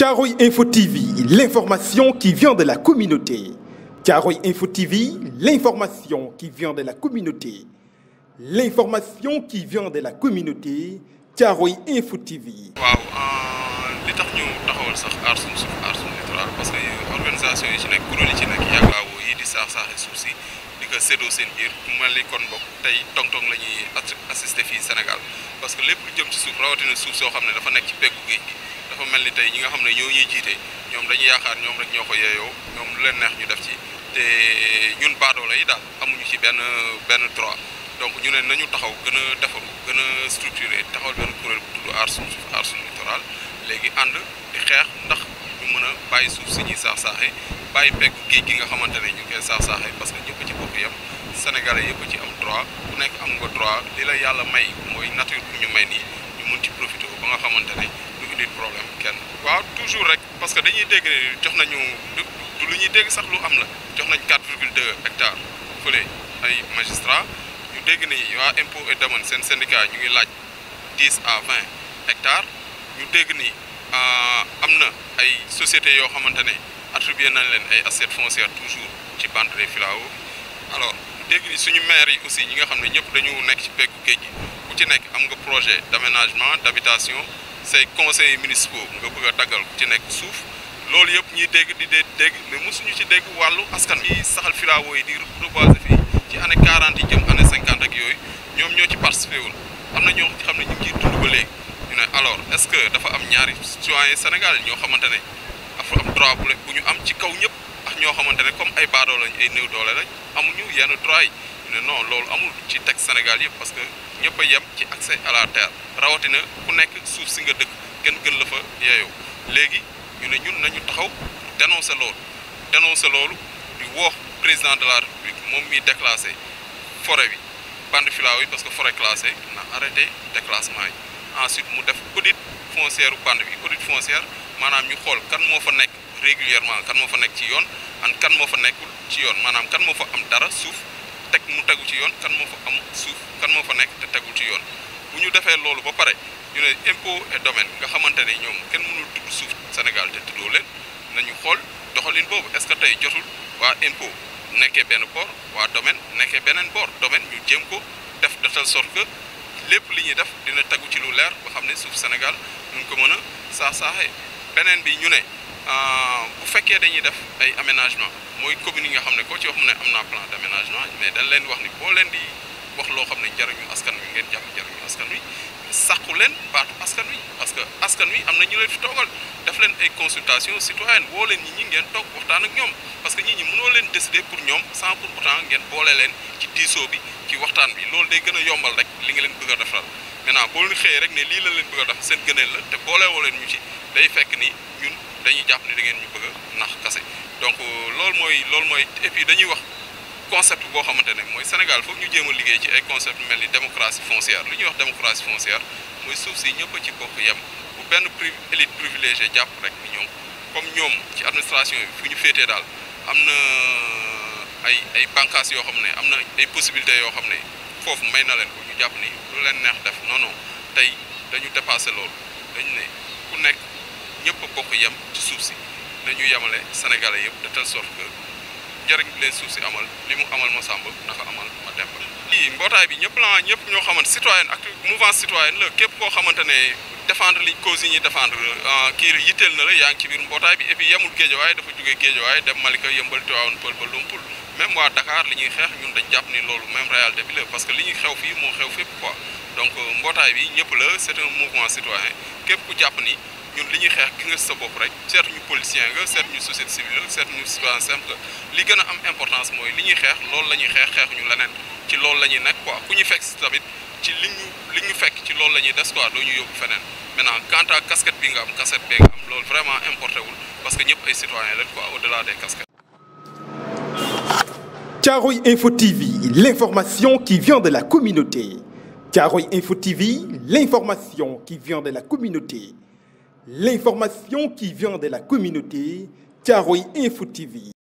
Tcharoy Info TV, l'information qui vient de la communauté. Tcharoy Info TV, l'information qui vient de la communauté. L'information qui vient de la communauté. Tcharoy Info TV. waaw ah, li tax ñu taxawal sax ça, suñu suuf aar littoral parce que organisation yi ci nekk kuréel yi ci nekk yàggaawoo yi di ça saaxi c'est si di ko séddoo seen biir mu mel ni kon bokk tey tong-tong la ñuy assisté Sénégal parce que lépp lu jëm ci suuf rawatina suuf soo xam ne dafa nekk ci peggu géej dafa mel ni tey ñi nga xam ne ñoo ñuy jiitee ñoom dañu yaakaar ñoom rek ñoo ko yeeyoo ñoom lu leen neex ñu def ci te ñun baadoola yi daal amuñu ci benn benn droit donc ñu ne nañu taxaw gën a defaru gën a structuré taxawal benn kuréel bu tudd aar suñu suuf aar suñu léegi ànd di xeex ndax ñu mën a bàyyi suuf si ñuy saax saaxee bàyyi pegg géej gi nga xamante ne ñu ngi koy saax saaxee parce que ñëpp ci bokk yam sénégalais yëpp ci am droit ku nekk am nga droit li la yàlla may mooy nature ñu may nii ñu mën ci profité ba nga xamante ne indi problème kenn waaw toujours rek parce que dañuy dégg jox nañu du lu ñuy dégg sax lu am na jox nañ 4 virgule 2 hectares fële ay magistrats ñu dégg ni waa impôt et domaine seen syndicat ñu ngi laaj 10 à 20 hectares ñu dégg ni ah, am na ay sociétés yoo xamante ne na nañ leen ay assiettes foncières toujours ci bande des alors dégg ni suñu maire yi aussi ñi nga xam ne ñëpp dañu nekk ci peggu géej gi ku ci nekk am nga projet d'aménagement d'habitation say conseillers boobu nga bëgg a daggal ci nekk suuf loolu yëpp ñuy dégg di dee dégg mais mosuñu ci dégg wàllu askan bi saxal filaawo yi di reboiser fii ci année 40 yi jëm année 50 ak yooyu ñoom ñoo ci participé woon am na ñoo xam ne ñu ngi ba léegi ñu ne alors est-ce que dafa am ñaari citoyen Sénégal ñoo xamante ne dafa am droit bu ñu am ci kaw ñëpp ak ñoo xamante ne comme ay baadoo lañ ay néew doole lañ amuñu yenn droit yi ñu ne non loolu amul ci teg Sénégal yëpp parce que ñëpp a yem ci accès à la terre rawatina ku nekk suuf si nga dëkk kenn gën la fa yeeyoo léegi ñu ne ñun nañu taxaw dénoncer loolu dénoncer loolu di woox président de la république moom miy déclassé forêt bi bande filao yi parce que forêt classée na arrêté déclassement yi ensuite mu def audit foncière u bande bi audit foncière maanaam ñu xool kan moo fa nekk régulièrement kan moo fa nekk ci yoon an kan moo fa nekkul ci yoon maanaam kan moo fa am dara suuf teg mu tegu ci yoon kan moo fa am suuf kan moo fa nekk te tegu ci yoon bu ñu defee loolu ba pare ñu ne impôt et domaine nga xamante ne ñoom kenn mënul tudd suuf Sénégal te tuddoo leen ñu xool doxalin boobu est-ce que tey jotul waa impôt nekkee benn boor waa domaine nekkee beneen boor domaine ñu jëm ko def de telle sorte lépp li ñuy def dina tegu ci lu leer ba xam ne suuf Sénégal ñu ko mën a saa saaxee beneen bi ñu ne euh, bu fekkee dañuy def ay aménagement mooy commune yi nga xam ne koo ci wax mu ne am naa plan d' mais dañ leen wax ni boo leen di wax loo xam ne jariñu askan wi ngeen jàpp jariñu askan wi sàqu leen baatu askan wi parce que askan wi am na ñu leen fi toogal def leen ay consultation citoyenne woo leen ñi ñi ngeen toog waxtaan ak ñoom parce que ñi ñi mënoo leen décider pour ñoom sans pour autant ngeen boole leen ci diisoo bi ci waxtaan bi loolu day gën a yombal rek li nga leen bëgg a defal maintenant boo leen xëyee rek ne lii la leen bëgg a def seen gënee la te boole woo leen ñu ci day fekk ni ñun dañuy jàpp ni da ngeen ñu bëgg a nax kase donc loolu mooy loolu mooy et dañuy wax concept boo xamante ne mooy Sénégal foofu ñu jéem a liggéey ci ay concept mel ni démocratie foncière lu ñu wax démocratie foncière mooy suuf si ñëpp a ci bokk yem bu benn pri élite privilégié jàpp rek ni ñoom comme ñoom ci administration yi fu ñu féetee daal am na euh, ay ay bànqaas yoo xam ne am na ay possibilités yoo xam ne foofu may na leen ko ñu jàpp ni lu leen neex def noonu tey dañu dépassé loolu dañu ne ku nekk ñëpp a bokk yem ci suuf si dañu yemale sénégalais yëpp de telle njëriñ bi leen suuf si amal li mu amal ma sàmb na ko amal ma demb lii mbootaay bi ñëpp la ñëpp ñoo xamante citoyen ak mouvance citoyenne la képp koo xamante ne défendre li cause yi ah, kii yitteel na la yaa ngi ci biir mbootaay bi et puis yemul géejawaay dafa jógee géejawaay dem Malika yëmbal Tiwaawan pël ba Lumpul même waa Dakar li ñuy xeex ñun dañ jàpp ni loolu même réalité bi la parce que li ñuy xew moo xew fépp quoi donc mbootaay bi ñëpp la c'est un mouvement citoyen képp ku jàpp ni ñun li ñuy xeex ki nga sa bopp rek certes ñu policier nga certes ñu société civile la certes ñu citoyen simple li gën a am importance mooy li ñuy xeex loolu la ñuy xeex xeexuñu leneen ci loolu la ñuy nekk quoi ku ñu fekk si tamit ci li ñu li ñu fekk ci loolu la ñuy des quoi doo ñu yóbbu feneen maintenant quant à casquette bi nga am casquette bee nga am loolu vraiment importé wul parce que ñëpp ay citoyen lañ quoi au-delà des casquettes. Caroy Info TV, l'information qui vient de la communauté. Caroy Info TV, l'information qui vient de la communauté. L'information qui vient de la communauté, Tiaroy Info TV.